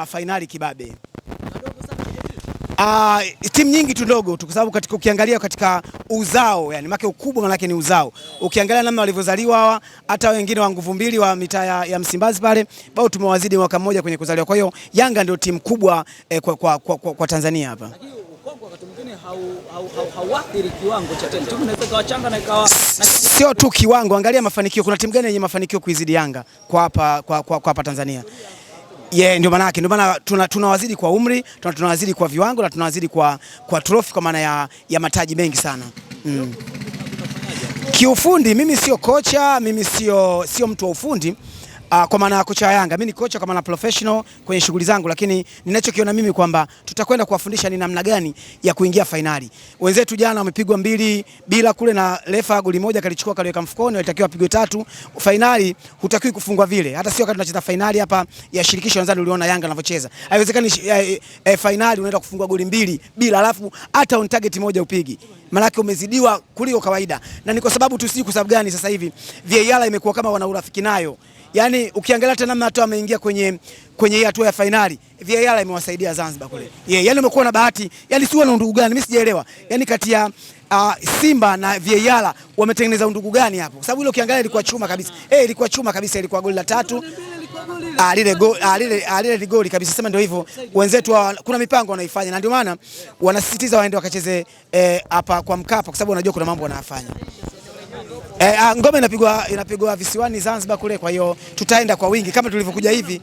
Ah, fainali kibabe. Uh, timu nyingi tu ndogo tu kwa sababu katika ukiangalia katika uzao yani make ukubwa manake ni uzao. Ukiangalia namna walivyozaliwa hawa hata wengine wa nguvu mbili wa mitaa ya, ya Msimbazi pale bao tumewazidi mwaka mmoja kwenye kuzaliwa. Kwa hiyo Yanga ndio timu kubwa eh, kwa, kwa, kwa, kwa, kwa Tanzania hapa. Sio tu kiwango, angalia mafanikio. Kuna timu gani yenye mafanikio kuizidi Yanga kwa hapa kwa, kwa, kwa Tanzania? Yeah, ndio maana yake, ndio maana tunawazidi tuna kwa umri, tunawazidi tuna kwa viwango na tunawazidi kwa, kwa trofi kwa maana ya, ya mataji mengi sana mm. Kiufundi mimi sio kocha, mimi sio sio mtu wa ufundi uh, kwa maana ya kocha wa Yanga. Mimi ni kocha kwa maana professional kwenye shughuli zangu, lakini ninachokiona mimi kwamba tutakwenda kuwafundisha ni namna gani ya kuingia fainali. Wenzetu jana wamepigwa mbili bila kule, na refa goli moja kalichukua kaliweka mfukoni, walitakiwa apigwe tatu. Fainali hutakiwi kufungwa vile, hata sio wakati tunacheza fainali hapa ya shirikisho. Nadhani uliona Yanga anavyocheza, haiwezekani eh, eh, eh fainali unaenda kufungwa goli mbili bila, alafu hata on target moja upigi Malaki umezidiwa kuliko kawaida, na ni kwa sababu tusiji. Kwa sababu gani? Sasa hivi VAR imekuwa kama wana urafiki nayo, yaani ukiangalia hata namna hata ameingia kwenye kwenye hii hatua ya fainali VAR imewasaidia Zanzibar kule yeah, yani umekuwa na bahati, yaani si wana ndugu gani? Mimi sijaelewa, yaani kati ya uh, Simba na VAR wametengeneza undugu gani hapo? Kwa sababu ile ukiangalia ilikuwa chuma kabisa eh, hey, ilikuwa chuma kabisa, ilikuwa goli la tatu Ah, lile go, ah, lile ah, lile goli kabisa. Sema ndio hivyo. Wenzetu kuna mipango wanaifanya na ndio maana wanasisitiza waende wakacheze eh, hapa eh, kwa Mkapa kwa sababu wanajua kuna mambo wanayafanya. Eh, ah, ngoma inapigwa inapigwa visiwani Zanzibar kule, kwa hiyo tutaenda kwa wingi kama tulivyokuja hivi.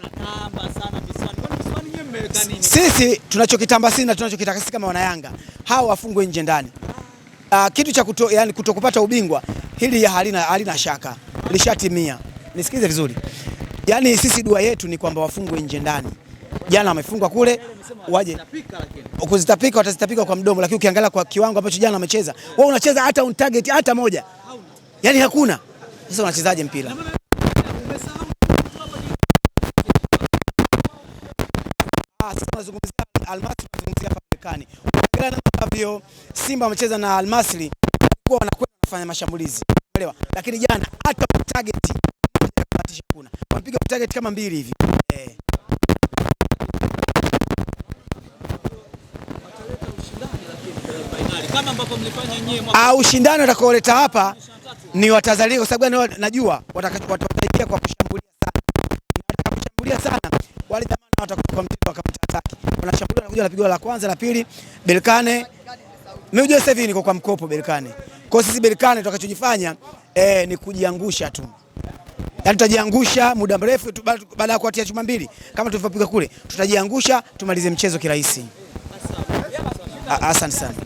Sisi tunachokitamba sisi na tunachokitaka sisi kama wanayanga hawa wafungwe nje ndani. Ah, kitu cha kuto, yani kutokupata ubingwa hili halina halina shaka. Lishatimia. Nisikize vizuri. Yaani sisi dua yetu ni kwamba wafungwe nje ndani. Jana wamefungwa kule, waje kuzitapika, watazitapika kwa mdomo, lakini ukiangalia kwa kiwango ambacho jana wamecheza, wewe unacheza hata on target hata moja, yaani hakuna. Sasa unachezaje mpira? Ah, ambavyo Simba wamecheza na Almasri, walikuwa wanakwenda kufanya mashambulizi, lakini jana hata on target piga target kama mbili hivi eh. Au ushindani watakaoleta hapa ni Watanzania, kwa sababu gani? Najua wataingia kwa kushambulia sana, kushambulia sana wale jamaa watakuwa mtindo wa wakamtataki, wanashambulia na wanapigwa la kwanza la pili. Berkane mimi unajua sasa hivi niko kwa mkopo Berkane, kwa sisi Berkane tutakachojifanya eh, ni kujiangusha tu. Yaani tutajiangusha muda mrefu baada ya kuatia chuma mbili kama tulivyopiga kule, tutajiangusha tumalize mchezo kirahisi. Asante sana.